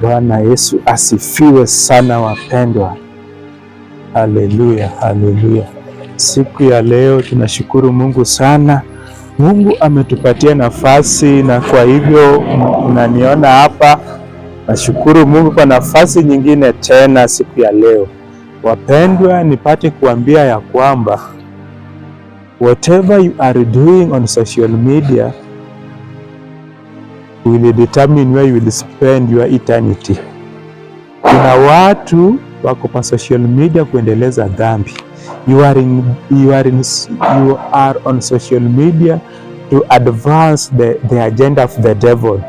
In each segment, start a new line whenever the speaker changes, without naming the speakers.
Bwana Yesu asifiwe sana wapendwa. Haleluya, haleluya. Siku ya leo tunashukuru Mungu sana. Mungu ametupatia nafasi, na kwa hivyo unaniona hapa. Nashukuru Mungu kwa nafasi nyingine tena siku ya leo. Wapendwa, nipate kuambia ya kwamba whatever you are doing on social media will determine where you will spend your eternity. Kuna watu wako pa social media kuendeleza dhambi. You are, in, you are, in, you are on social media to advance the, the agenda of the devil.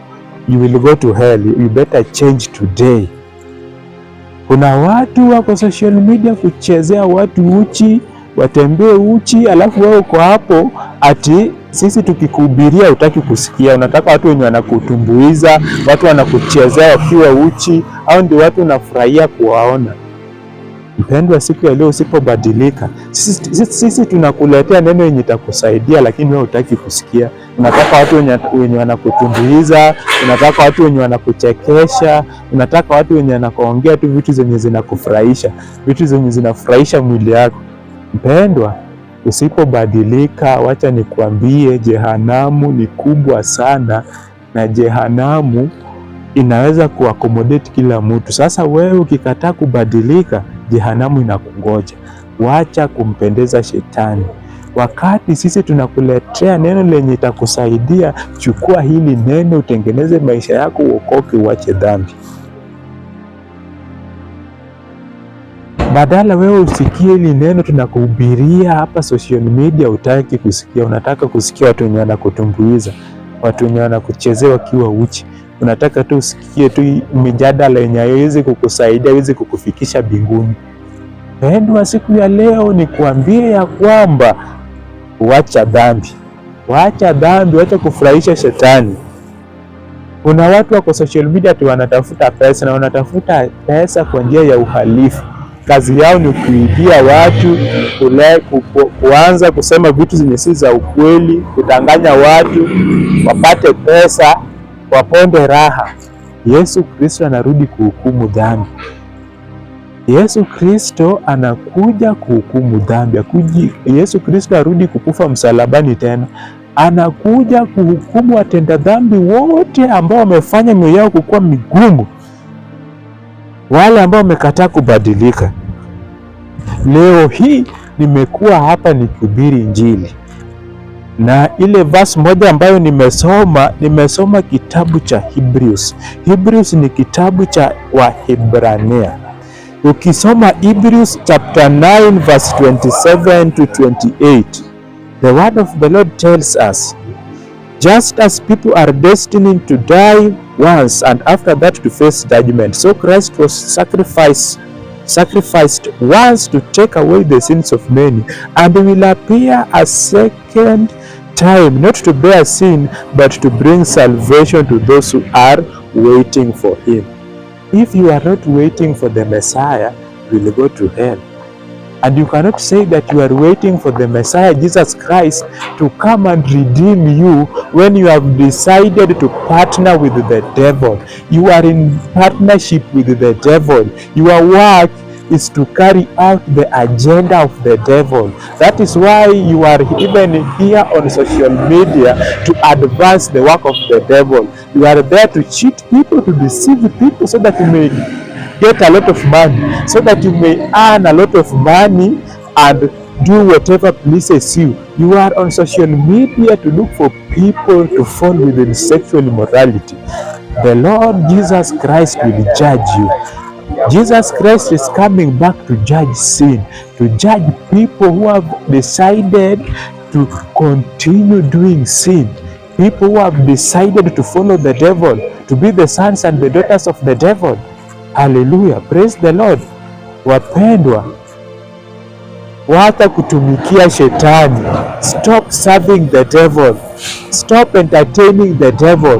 You will go to hell. You better change today. Kuna watu wako social media kuchezea watu uchi watembee uchi, alafu wewe uko hapo ati sisi tukikuhubiria utaki kusikia. Unataka watu wenye wanakutumbuiza, watu wanakuchezea wakiwa uchi, au ndio watu unafurahia kuwaona? Mpendwa, siku ya leo usipobadilika, sisi, sisi, sisi tunakuletea neno yenye itakusaidia, lakini wewe utaki kusikia. Unataka watu wenye wanakutumbuiza, unataka watu wenye wanakuchekesha, unataka watu wenye wanakuongea tu vitu zenye zinakufurahisha, vitu zenye zinafurahisha mwili yako. Mpendwa, usipobadilika, wacha nikuambie, jehanamu ni kubwa sana, na jehanamu inaweza kuakomodeti kila mtu. Sasa wewe ukikataa kubadilika, jehanamu inakungoja. Wacha kumpendeza shetani. Wakati sisi tunakuletea neno lenye itakusaidia, chukua hili neno, utengeneze maisha yako, uokoke, uache dhambi. Badala wewe usikie hili neno tunakuhubiria hapa social media, utaki kusikia. Unataka kusikia watu wenye wanakutumbuiza, watu wenye wanakuchezea wakiwa uchi. Unataka tu usikie tu mijadala yenye haiwezi kukusaidia, haiwezi kukufikisha binguni. Pendwa, siku ya leo ni kuambia ya kwamba wacha dhambi, wacha dhambi, wacha kufurahisha shetani. Kuna watu wako social media tu wanatafuta pesa na wanatafuta pesa kwa njia ya uhalifu kazi yao ni kuingia watu kule, ku, ku, kuanza kusema vitu zenye si za ukweli, kudanganya watu wapate pesa, waponde raha. Yesu Kristo anarudi kuhukumu dhambi. Yesu Kristo anakuja kuhukumu dhambi. Akuji, Yesu Kristo arudi kukufa msalabani tena, anakuja kuhukumu watenda dhambi wote ambao wamefanya mioyo yao kukuwa migumu wale ambao wamekataa kubadilika. Leo hii nimekuwa hapa nikihubiri Injili na ile verse moja ambayo nimesoma, nimesoma kitabu cha Hebrews. Hebrews ni kitabu cha Wahebrania. Ukisoma Hebrews chapter 9 verse 27 to 28, the word of the Lord tells us, just as people are destined to die once and after that to face judgment. So Christ was sacrificed, sacrificed once to take away the sins of many and will appear a second time not to bear sin but to bring salvation to those who are waiting for him. If you are not waiting for the Messiah, you will go to hell. And you cannot say that you are waiting for the Messiah Jesus Christ to come and redeem you when you have decided to partner with the devil. You are in partnership with the devil. Your work is to carry out the agenda of the devil. That is why you are even here on social media to advance the work of the devil. You are there to cheat people, to deceive people so that you may get a lot of money so that you may earn a lot of money and do whatever pleases you. You are on social media to look for people to fall within sexual immorality. The Lord Jesus Christ will judge you. Jesus Christ is coming back to judge sin, to judge people who have decided to continue doing sin, people who have decided to follow the devil, to be the sons and the daughters of the devil. Haleluya, praise the Lord. Wapendwa, wacha kutumikia shetani. Stop serving the devil. Stop entertaining the devil.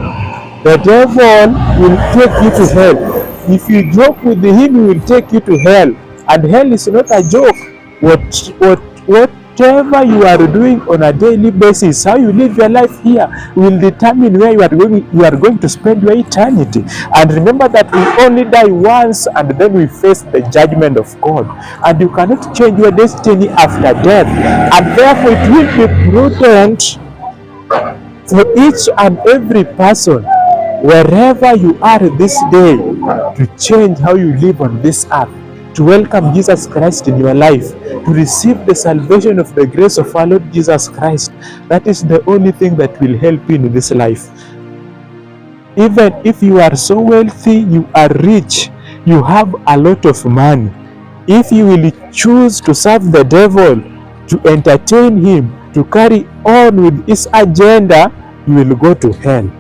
The devil will take you to hell. If you joke with him, he will take you to hell. And hell is not a joke. What, what, what whatever you are doing on a daily basis, how you live your life here will determine where you are going, you are going to spend your eternity. And remember that we only die once and then we face the judgment of God. And you cannot change your destiny after death. And therefore it will be prudent for each and every person wherever you are this day to change how you live on this earth to welcome Jesus Christ in your life, to receive the salvation of the grace of our Lord Jesus Christ. That is the only thing that will help you in this life. Even if you are so wealthy, you are rich, you have a lot of money. If you will choose to serve the devil, to entertain him, to carry on with his agenda, you will go to hell.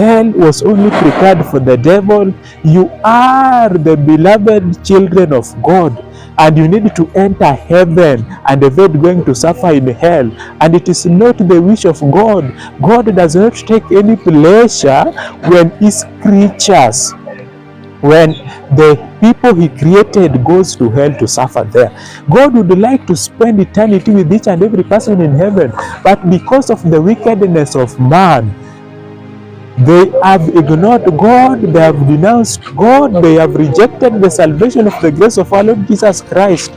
Hell was only prepared for the devil. You are the beloved children of God and you need to enter heaven and avoid going to suffer in hell. And it is not the wish of God. God does not take any pleasure when his creatures when the people he created goes to hell to suffer there. God would like to spend eternity with each and every person in heaven, but because of the wickedness of man, They have ignored God, they have denounced God, they have rejected the salvation of the grace of our Lord Jesus Christ.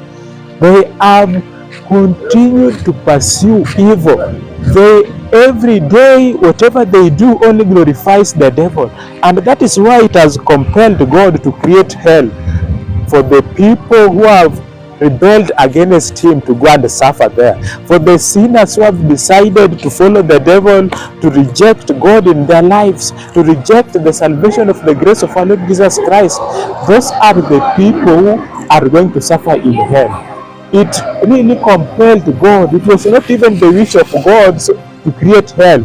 They have continued to pursue evil. They every day, whatever they do only glorifies the devil. And that is why it has compelled God to create hell for the people who have rebelled against him to go and suffer there. For the sinners who have decided to follow the devil, to reject God in their lives, to reject the salvation of the grace of our Lord Jesus Christ, those are the people who are going to suffer in hell. It really compelled God. It was not even the wish of God to create hell.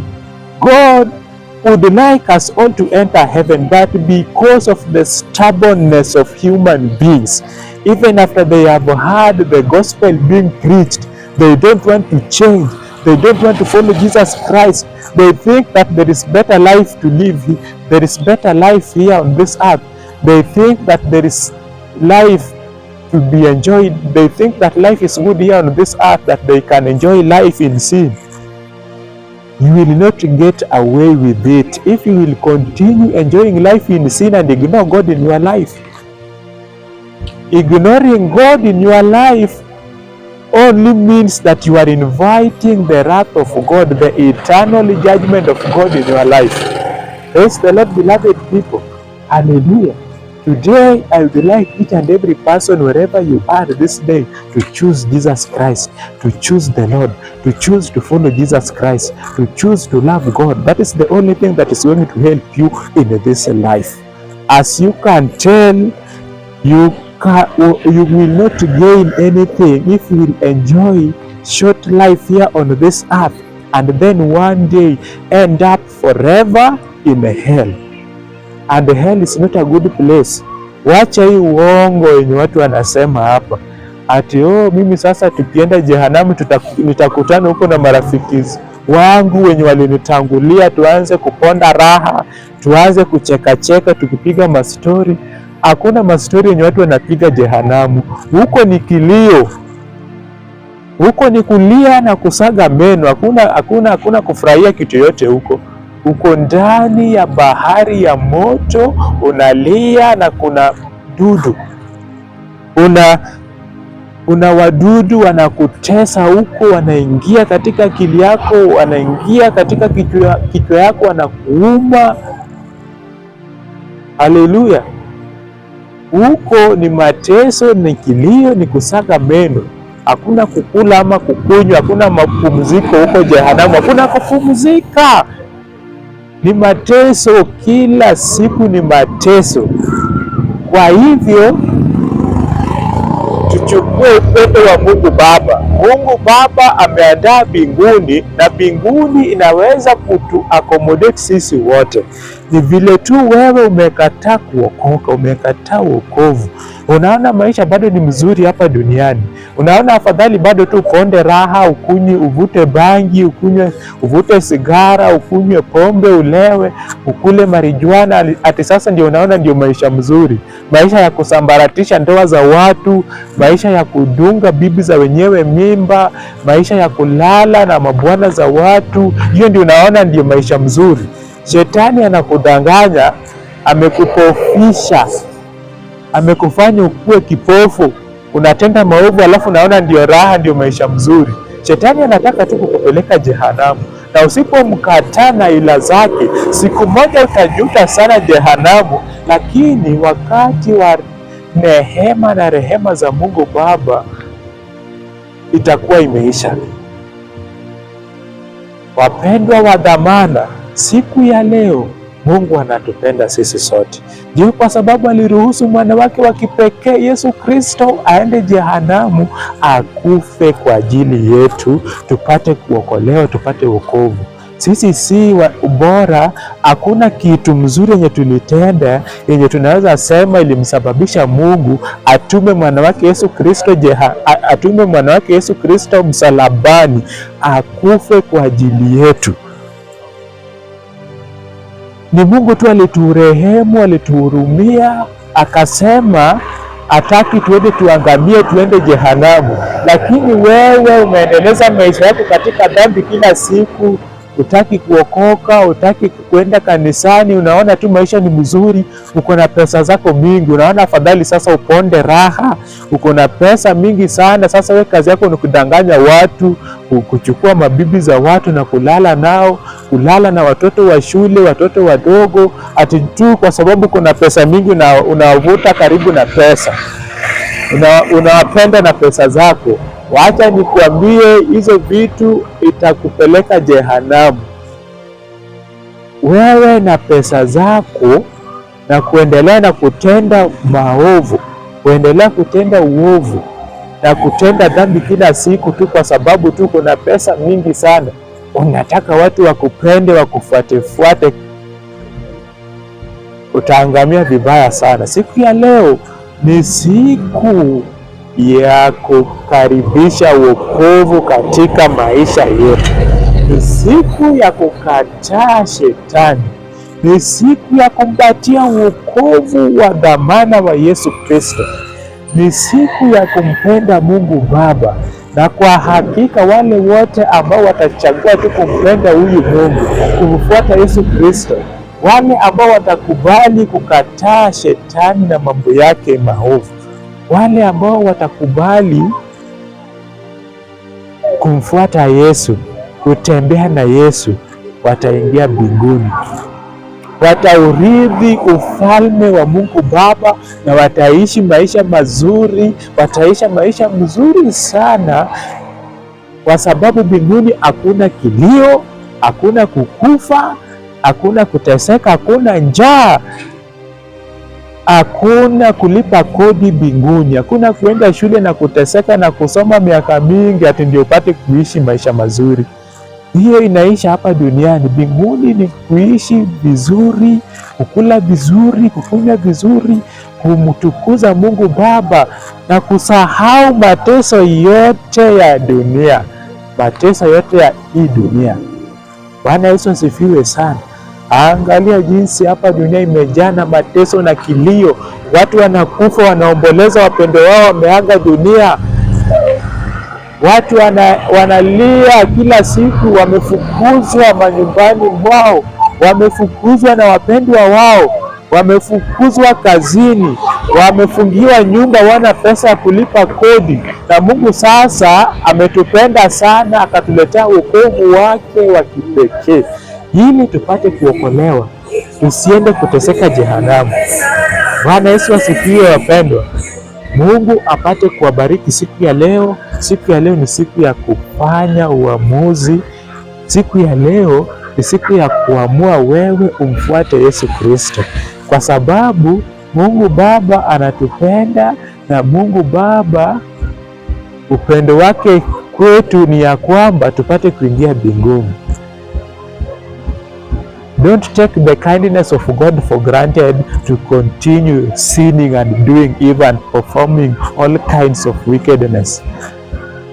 God would like us all to enter heaven, but because of the stubbornness of human beings, even after they have heard the gospel being preached, they don't want to change. They don't want to follow Jesus Christ. They think that there is better life to live. There is better life here on this earth. They think that there is life to be enjoyed. They think that life is good here on this earth, that they can enjoy life in sin. You will not get away with it if you will continue enjoying life in sin and ignore God in your life. Ignoring God in your life only means that you are inviting the wrath of God, the eternal judgment of God in your life. Praise the Lord, beloved people. Hallelujah. Today, I would like each and every person, wherever you are this day, to choose Jesus Christ, to choose the Lord, to choose to follow Jesus Christ, to choose to love God. That is the only thing that is going to help you in this life. As you can tell, you you will not gain anything if you will enjoy short life here on this earth and then one day end up forever in hell and hell is not a good place. Wacha hii uongo yenye watu wanasema hapa ati oh, mimi sasa tukienda jehanamu nitakutana huko na marafiki wangu wenye walinitangulia, tuanze kuponda raha, tuanze kuchekacheka tukipiga mastori hakuna mastori yenye watu wanapiga jehanamu. Huko ni kilio, huko ni kulia na kusaga meno. Hakuna, hakuna, hakuna kufurahia kitu yote huko. Uko ndani ya bahari ya moto, unalia na kuna dudu, una kuna wadudu wanakutesa huko, wanaingia katika akili yako, wanaingia katika kichwa, kichwa yako, wanakuuma. Haleluya! huko ni mateso, ni kilio, ni kusaga meno, hakuna kukula ama kukunywa, hakuna mapumziko huko jehanamu, hakuna kupumzika, ni mateso, kila siku ni mateso. Kwa hivyo tuchukue upendo wa Mungu Baba. Mungu Baba ameandaa mbinguni na mbinguni inaweza kutu accommodate sisi wote ni vile tu wewe umekataa kuokoka, umekataa uokovu Unaona maisha bado ni mzuri hapa duniani, unaona afadhali bado tu ukonde raha, ukunywe, uvute bangi, ukunywe, uvute sigara, ukunywe pombe, ulewe, ukule marijuana, ati sasa ndio unaona ndio maisha mzuri, maisha ya kusambaratisha ndoa za watu, maisha ya kudunga bibi za wenyewe mimba, maisha ya kulala na mabwana za watu. Hiyo ndio unaona ndio maisha mzuri. Shetani anakudanganya, amekupofisha, amekufanya ukuwe kipofu, unatenda maovu alafu unaona ndio raha, ndio maisha mzuri. Shetani anataka tu kukupeleka jehanamu, na usipomkataa na ila zake, siku moja utajuta sana jehanamu. Lakini wakati wa neema na rehema za Mungu Baba itakuwa imeisha. Wapendwa wa dhamana Siku ya leo Mungu anatupenda sisi sote. Ndiyo kwa sababu aliruhusu mwana wake wa kipekee Yesu Kristo aende jehanamu akufe kwa ajili yetu, tupate kuokolewa, tupate wokovu. Sisi si bora, hakuna kitu mzuri yenye tulitenda yenye tunaweza sema ilimsababisha Mungu atume mwana wake Yesu Kristo jeha, atume mwana wake Yesu Kristo msalabani akufe kwa ajili yetu. Ni Mungu tu aliturehemu, alituhurumia, akasema hataki tuende tuangamie, tuende jehanamu. Lakini wewe umeendeleza maisha yako katika dhambi kila siku utaki kuokoka, utaki kwenda kanisani, unaona tu maisha ni mzuri, uko na pesa zako mingi, unaona afadhali sasa uponde raha, uko na pesa mingi sana. Sasa we kazi yako ni kudanganya watu, kuchukua mabibi za watu na kulala nao, kulala na watoto wa shule, watoto wadogo, ati tu kwa sababu kuna pesa mingi unawavuta karibu na pesa, unawapenda na pesa zako. Wacha nikuambie, hizo vitu itakupeleka jehanamu, wewe na pesa zako, na kuendelea na kutenda maovu, kuendelea kutenda uovu na kutenda dhambi kila siku tu, kwa sababu tu kuna pesa mingi sana. Unataka watu wakupende, wakufuatefuate, utaangamia vibaya sana. Siku ya leo ni siku ya kukaribisha wokovu katika maisha yetu. Ni siku ya kukataa shetani, ni siku ya kumpatia wokovu wa dhamana wa Yesu Kristo, ni siku ya kumpenda Mungu Baba. Na kwa hakika wale wote ambao watachagua tu kumpenda huyu Mungu, kumfuata Yesu Kristo, wale ambao watakubali kukataa shetani na mambo yake maovu wale ambao watakubali kumfuata Yesu, kutembea na Yesu, wataingia mbinguni, wataurithi ufalme wa Mungu Baba na wataishi maisha mazuri, wataishi maisha mzuri sana, kwa sababu mbinguni hakuna kilio, hakuna kukufa, hakuna kuteseka, hakuna njaa hakuna kulipa kodi binguni, hakuna kuenda shule na kuteseka na kusoma miaka mingi ati ndio upate kuishi maisha mazuri. Hiyo inaisha hapa duniani. Binguni ni kuishi vizuri, kukula vizuri, kukunywa vizuri, kumtukuza Mungu Baba na kusahau mateso yote ya dunia, mateso yote ya hii dunia. Bwana Yesu asifiwe sana. Angalia jinsi hapa dunia imejaa na mateso na kilio, watu wanakufa, wanaomboleza wapendo wao wameaga dunia, watu wana, wanalia kila siku, wamefukuzwa manyumbani mwao, wamefukuzwa na wapendwa wao, wamefukuzwa kazini, wamefungiwa nyumba, wana pesa ya kulipa kodi. Na Mungu sasa ametupenda sana, akatuletea wokovu wake wa kipekee ili tupate kuokolewa tusiende kuteseka jehanamu. Bwana Yesu asifiwe, wapendwa. Mungu apate kuwabariki siku ya leo. Siku ya leo ni siku ya kufanya uamuzi. Siku ya leo ni siku ya kuamua wewe umfuate Yesu Kristo, kwa sababu Mungu Baba anatupenda na Mungu Baba upendo wake kwetu ni ya kwamba tupate kuingia mbinguni. Don't take the kindness of God for granted to continue sinning and doing evil and performing all kinds of wickedness.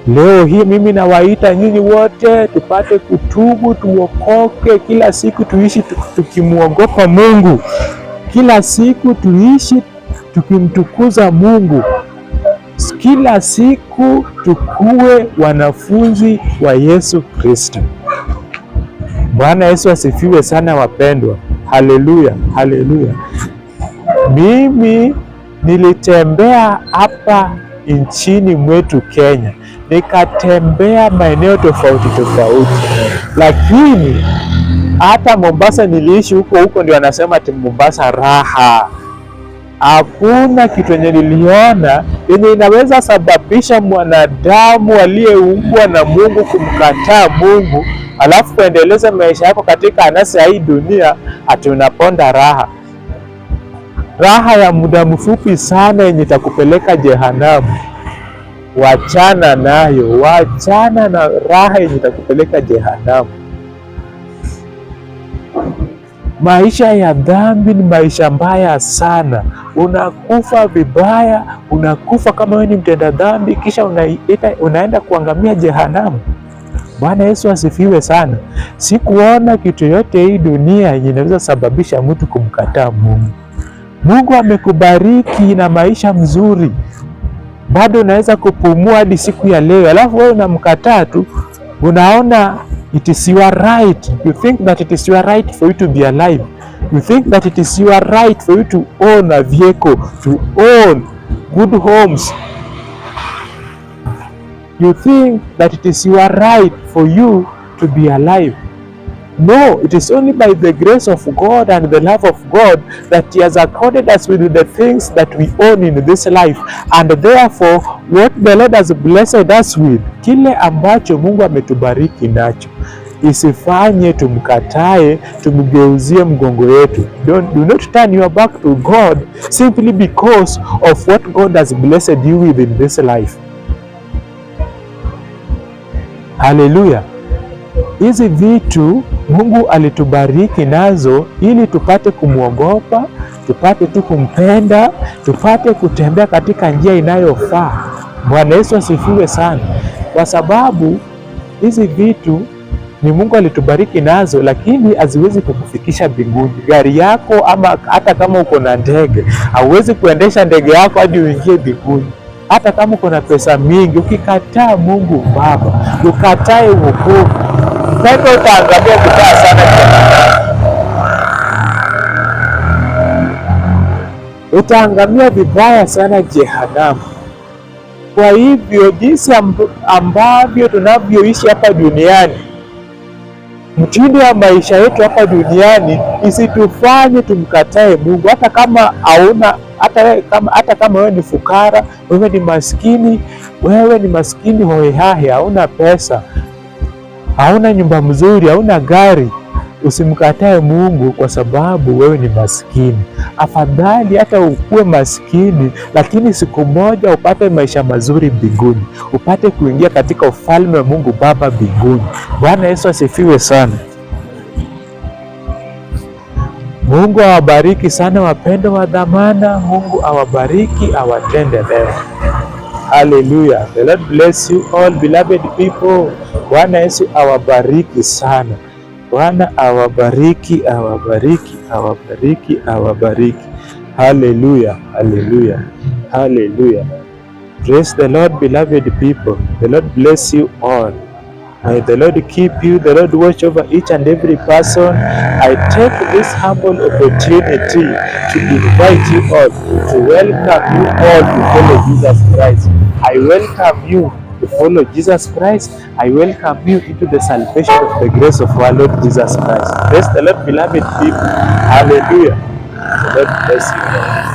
Leo hii mimi nawaita nyinyi wote tupate kutubu, tuokoke, kila siku tuishi tukimwogopa Mungu, kila siku tuishi tukimtukuza Mungu, kila siku tukuwe wanafunzi wa Yesu Kristo. Bwana Yesu asifiwe sana wapendwa. Haleluya, haleluya. Mimi nilitembea hapa nchini mwetu Kenya, nikatembea maeneo tofauti tofauti, lakini hata Mombasa niliishi huko huko, ndio anasema ati Mombasa raha hakuna kitu yenye niliona yenye inaweza sababisha mwanadamu aliyeumbwa na Mungu kumkataa Mungu alafu kuendeleza maisha yako katika anasa ya hii dunia, ati unaponda raha raha ya muda mfupi sana yenye itakupeleka jehanamu. Wachana nayo, wachana na raha yenye itakupeleka jehanamu. Maisha ya dhambi ni maisha mbaya sana. Unakufa vibaya, unakufa kama wewe ni mtenda dhambi, kisha unaita, unaenda kuangamia jehanamu. Bwana Yesu asifiwe sana. Sikuona kitu yote hii dunia yenye inaweza sababisha mtu kumkataa Mungu. Mungu amekubariki na maisha mzuri, bado unaweza kupumua hadi siku ya leo, alafu wewe unamkataa tu unaona it is your right you think that it is your right for you to be alive you think that it is your right for you to own a vehicle to own good homes you think that it is your right for you to be alive No, it is only by the grace of God and the love of God that He has accorded us with the things that we own in this life and therefore what the Lord has blessed us with, kile ambacho Mungu ametubariki nacho isifanye tumkatae, tumgeuzie mgongo yetu Do not turn your back to God simply because of what God has blessed you with in this life. Hallelujah hizi vitu Mungu alitubariki nazo ili tupate kumwogopa, tupate tu kumpenda, tupate kutembea katika njia inayofaa. Bwana Yesu asifiwe sana, kwa sababu hizi vitu ni Mungu alitubariki nazo, lakini haziwezi kukufikisha mbinguni. Gari yako ama hata kama uko na ndege, hauwezi kuendesha ndege yako hadi uingie mbinguni. Hata kama uko na pesa mingi, ukikataa Mungu Baba, ukatae wokovu na hivyo utaangalia vibaya sana. Utaangamia vibaya sana jehanamu. Kwa hivyo jinsi ambavyo tunavyoishi hapa duniani, mtindo wa maisha yetu hapa duniani isitufanye tumkatae Mungu, hata kama hauna hata kama hata kama wewe ni fukara, wewe ni maskini, wewe ni maskini hohehahe, hauna pesa hauna nyumba mzuri, hauna gari, usimkatae Mungu kwa sababu wewe ni maskini. Afadhali hata ukuwe maskini, lakini siku moja upate maisha mazuri mbinguni, upate kuingia katika ufalme wa Mungu Baba mbinguni. Bwana Yesu asifiwe sana. Mungu awabariki sana wapendo wa dhamana. Mungu awabariki, awatende leo. Haleluya. The Lord bless you all beloved people. Bwana Yesu awabariki sana. Bwana awabariki, awabariki, awabariki, awabariki. Haleluya, haleluya, haleluya. Praise the Lord beloved people. The Lord bless you all. May the Lord keep you. The Lord watch over each and every person. I take this humble opportunity to invite you all, to welcome you all to follow Jesus Christ. I welcome you to follow Jesus Christ. I welcome you into the salvation of the grace of our Lord Jesus Christ. Praise the Lord, beloved people. Hallelujah. the lord bless you.